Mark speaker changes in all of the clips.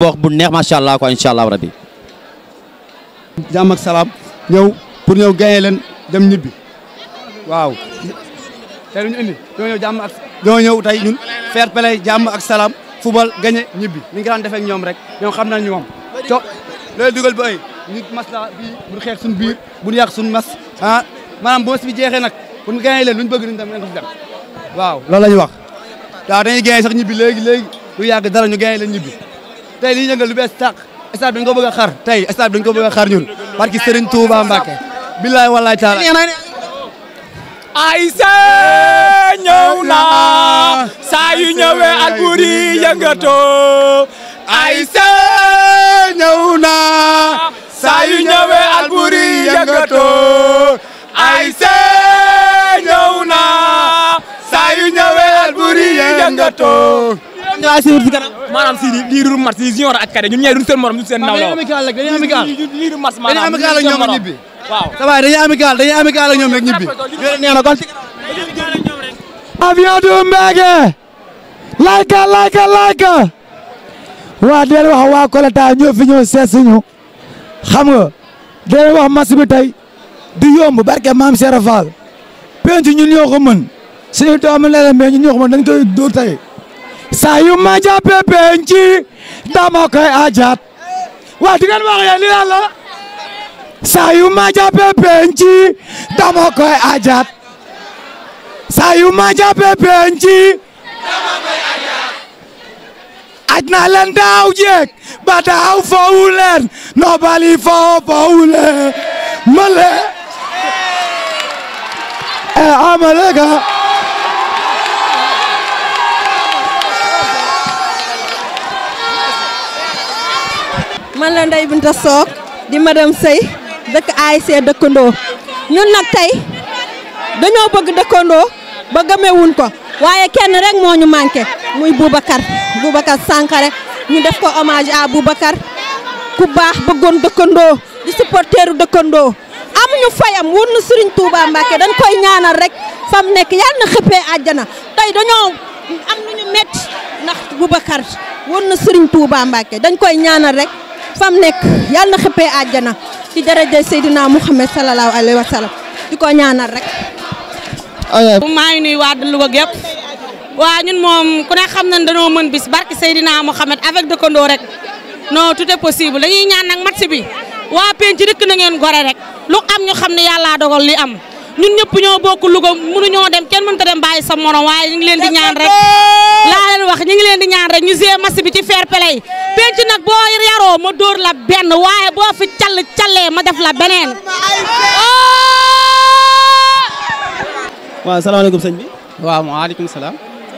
Speaker 1: Bok bu neex sha allah ko insha allah Rabbi. jam ak salam ñew pour ñew gagner len dem ñibbi waaw. tey ñu indi do ñew jam ak do ñew tay ñun fair play jam ak salam football gagné ñibbi ni nga daan defee ak ñom rek ñom xam nañ ñu moom. co loolu dugal ay nit masla ah. bi bu xex sun biir bu ñu sun mas ha manam bu bi jexé nak bu ñu gagné leen lu ñu bëgg dem nañ ko dem waaw. loolu lañ wax da dañuy gagner sax ñibbi léegi léegi du yàgg dara ñu gagné leen ñibbi. tey li
Speaker 2: ñu yëngal lu bees tàq stade bi dañ ko bëgg a xar tey stade bi dañ ko a xar ñun barki taala aysa ñëw na
Speaker 1: saa saa yu ñëwee Albouri yi yëngatoo aysa ñu lay suivre ci kanam maanaam si lii du match yi junior ak cadet ñun ñooy duñ seen morom duñ seen naw la dañuy amical lii du match dañuy amical ak ñoom ñibbi waaw sa waay dañuy amical dañuy amical ak ñoom rek ñibbi avion du Mbege layka layka layka waa di leen wax waa Kolda ñoo fi ñëw seet suñu xam nga di leen wax match bi tey du yomb barke maam Serap Fall penc ñun ñoo ko mën suñu doomu lele mais ñun ñoo ko mën dañ koy dóor tey saa yu ma jàppee penc koy ajaat waa di ngeen wax yéen li lan la saa yu koy ajaat saa yu ma jàppee penc dama koy ajaat aj naa leen daaw jeeg ba daaw foowu leen nobali foo foowu leen ma lee eh, man la Ndeye Binta Sock di madame Sey dëkk ASC dëkkandoo ñun nag tey dañoo bëgg dëkkandoo ba ko waaye kenn rek moo ñu manqué muy Boubacar Boubacar Sankare ñu def ko hommage à Boubacar ku baax bëggoon dëkkandoo di supporteeru dëkkandoo amuñu fayam wóor na Serigne Touba koy ñaanal rek fam nekk yàlla na xëppee àjjana tey dañoo am lu ñu métti ndax Boubacar wóor na Serigne Touba Mbacke dañ koy ñaanal rek. fam nekk yàlla na xëppee àjjana ci daraja Seydina Muhammad sallallahu alayhi wa sallam di ko ñaanal rek. maa ngi nuy waa Louga yëpp waa ñun moom ku na xam na dañoo mën bis barki Seydina Muhammad avec dëkkandoo rek noo tout est possible lañuy ñaan nag match bi waa penc dëkk na ngeen gore rek lu am ñu xam ne yàlla dogal li am. ñun ñëpp ñoo bokk Louga mënuñoo dem kenn mënta dem bàyyi sa morom waaye ñu ngi leen di ñaan rek laa leen wax ñu ngi leen di ñaan rek ñu jouer match bi ci fair play penc nag boo yaroo ma door la benn waaye boo fi call callee ma def la beneen waaw salaamaaleykum sëñ bi waaw maaleykum salaam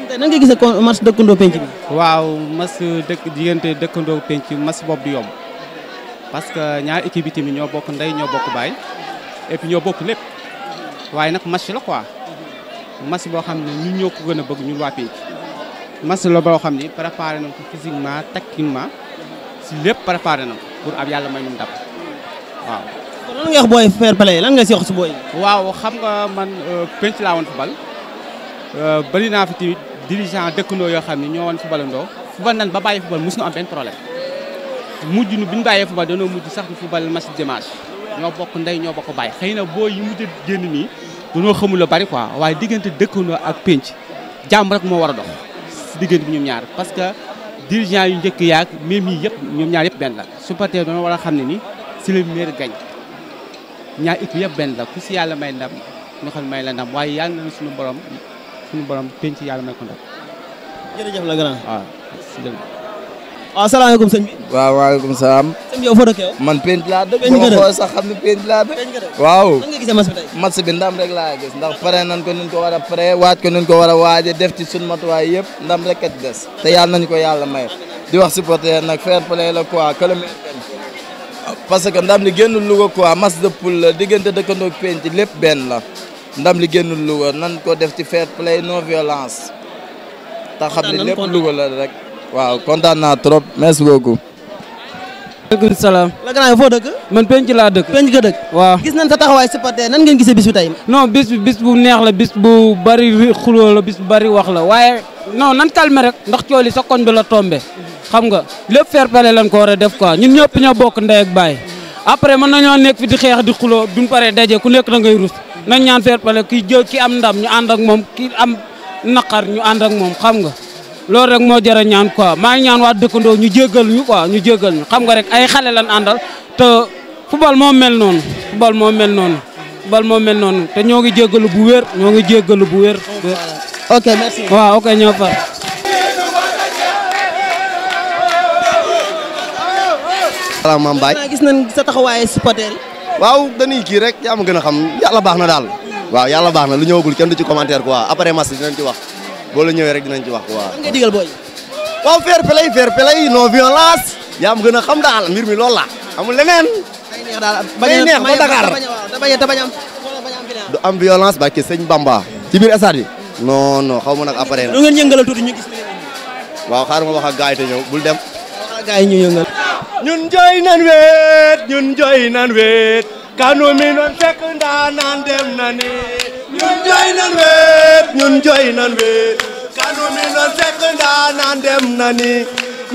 Speaker 1: tey nan nga gis match dëkkandoo penc bi waaw match dëkk diggante dëkkandoo penc match boobu du yomb parce que ñaari équipe yi ñoo bokk ndey ñoo bokk baay et puis ñoo bokk lépp waaye nag match la quoi match boo xam ne ñun ñoo ko gën a bëgg ñun waa Pique match la boo xam ne préparé nañ ko physiquement tactiquement si lépp préparé nañ pour ab yàlla may ñu ndam waaw.
Speaker 2: kon lan nga wax booy fair play
Speaker 1: lan nga si si booy waaw xam nga man euh, penc laa woon fubal euh, bari naa fi tamit dirigeant dëkkandoo yoo xam ne ñoo woon fubalandoo fubal nan ba bàyyi fubal mos na am benn problème mujj nu bi ñu bàyyee fubal danoo mujj sax di bal match dimanche ñoo bokk ndey ñoo bokk bàyyi xëy na booy yi dañoo xamul bari quoi waaye diggante dëkkandoo ak pénc jàmm rek moo war a dox si diggante bi ñoom ñaar parce que dirigeant yu njëkk yaak même yi yëpp ñoom ñaar yëpp benn la supporter dañoo war a xam ne ni si le meilleur gagne ñaar équipe yëpp benn la ku si yàlla may ndam ñoo xam may la ndam waaye yàlla na suñu borom suñu borom pénc
Speaker 2: yàlla may ko ndam jërëjëf la grand waaw salaamaaleykum sëñ waaw waaleykum salaam. sëñ bi man Penc laa dëkk. Penc nga sax xam ne Penc laa dëkk. waaw nan nga bi tey. ndam rek laa gis ndax pare nan ko nuñ ko war a pare waaj ko nuñ ko war a waaje def ci suñu matuwaay yëpp ndam rek kat des te yàlla nañu ko yàlla may di wax supporter nag fair play la quoi que parce que ndam li génnul Louga quoi match de poule la diggante dëkkandoog Penc lépp benn la ndam li génnul Louga nan ko def ci fair play non violence. te xam ne lépp Louga la rek waaw kontan naa trop merci beaucoup.
Speaker 1: maaleykum salaam. la foo dëkk. man penc laa dëkk. penc nga dëkk. waaw gis nañ sa taxawaay bari la bari wax la waaye non nan calmer rek ndax cool yi sa koñ bi la tombé. xam nga lépp di xeex di xuloo rus nañ ñaan fair play kii jël ki am ndam loolu rek moo jara ñaan quoi maa ngi ñaan waa dëkkandoo ñu jéegal ñu quoi ñu jéegal ñu xam nga rek ay xale lan àndal te football moo mel noonu football moo mel noonu football moo mel noonu te ñoo ngi jéggalu bu wér ñoo ngi jéggalu bu wér ok merci waaw ok ñoo far
Speaker 2: salaam a Baye gis nañ sa taxawaayu supporter yi waaw dañuy kii rek yaa ma gën a xam yàlla baax na daal waaw yàlla baax na lu ñëwagul kenn du ci commentaire quoi après match dinañ ci wax boo la rek dinañ ci wax quoi lan nga digal boy wa fair play fair play no violence. yaa am gën xam daal mbir mi lool la. amul leneen. day neex daal bañ neex ba Dakar du am violence barke señ Bamba. ci bir stade bi. non non xaw nak nag après nag. lu ngeen yëngalal tuuti ñu gis. waaw xaaral ma wax ak gars te ñëw bul dem. gaay ñu yëngal. ñun joy nan wet ñun joy nan wet kanu mi non fekk ndaa naan dem na ni ñun jooy nan wéet ñun jooy nan wéet kanu mi na fekk ndaanaan dem na ni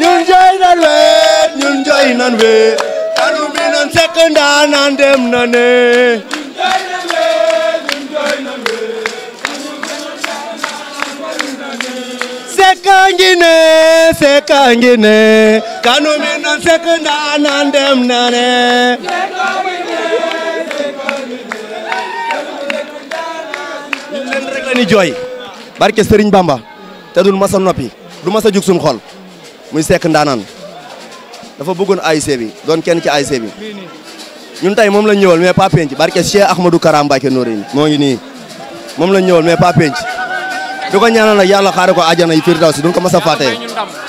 Speaker 2: ñun jooy nan wéet ñun jooy nan wéet kanu mi na fekk ndaanaan dem na ni sekangi ne sekangi ne kanu mi na fekk ndaanaan dem na ne leen joy barke Serigne Bamba te dul massa nopi du massa juk suñu xol muy sek ndanan dafa bëggon ASC bi don kenn ci ASC bi ñun tay mom la ñëwal mais pas penc barke Cheikh Ahmadou karam Mbacké Noreyni mo ngi ni mom la ñëwal mais pas penc di ko ñaanal nak yalla xaare ko aljana yi firdawsi duñ ko massa faté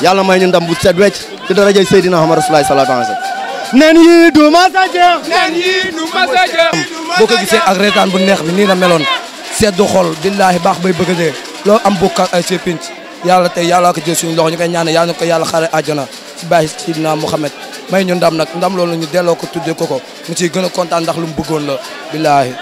Speaker 2: yalla may ñu ndam bu set wécc ci dara jey sayidina Muhammad Rasulullahi sallallahu alayhi wasallam sallam nen yi du masa
Speaker 1: jeex nen yi du masa jeex
Speaker 2: boo ko ak reetaan bu neex bi ni la melone seddu xol billaahi baax bay bëgg loo dee loolu am bokkaat ay see pinc yàlla tey yàlla ko jël suñu loxo ñu koy ñaanal yàlla ko yàlla xare àjjana si bàyyi sidina Muhammad may ñu ndam nag ndam loolu ñu delloo ko tuddee ko ko mu ciy gën a kontaan ndax lu mu bëggoon la billaahi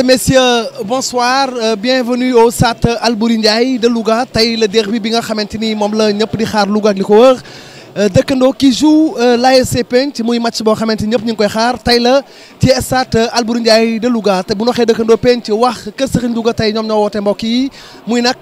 Speaker 2: et messieurs bonsoir euh, bienvenue au stade Albouri Ndiaye de Louga tey le derby bi nga xamante ni la ñëpp di xaar Louga ak euh, dëkkandoo qui joue euh, l'ASC Penc ci muy match boo xamante ni ñëpp ñu ngi koy xaar tey la ci stade euh, Albouri Ndiaye de Louga te bu ñu waxee dëkkandoo Penc wax kër Serigne Louga tey ñoom ñoo woote mbokk yi muy nag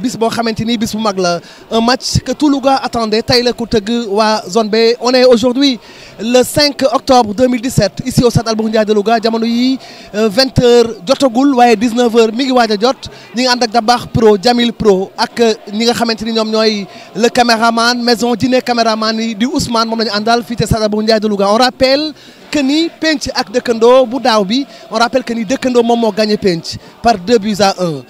Speaker 2: bis boo xamante ni bis bu mag la un match que tout Louga attendait tey la ku tëgg waa zone B on est aujourd'hui le 5 octobre 2017 ici au stade Albouri Ndiaye de Louga jamono yi 20 heures jotagul waaye 19 heures mi ngi waaj a jot ñi ngi ànd ak Dabax Pro Jamil Pro ak ñi nga xamante ni ñoom ñooy le caméraman maison Dine Caméra caméraman di Ousmane mom lañu andal àndal fii ca Sadabou Ndiaye de Louga on rappelle que ni penc ak Dekendo bu daw bi on rappelle que ni Dekendo mom mo gagné penc par 2 buts à 1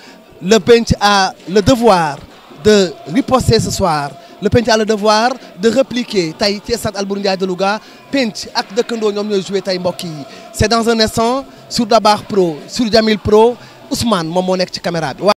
Speaker 2: le penc a le devoir de riposter ce soir le penc a le devoir de répliquer tay ci stade Albouri Ndiaye de Louga penc ak Dekendo ñom ñoy jouer tay mbokk yi c'est dans un instant sur Dabar Pro sur Jamil Pro Ousmane mom mo nek ci caméra bi.